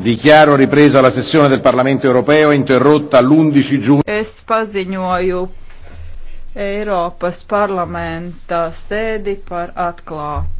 Dichiaro ripresa la sessione del Parlamento europeo interrotta l'11 giugno. Es paziņoju Eiropas parlamenta sēdi par atklātu.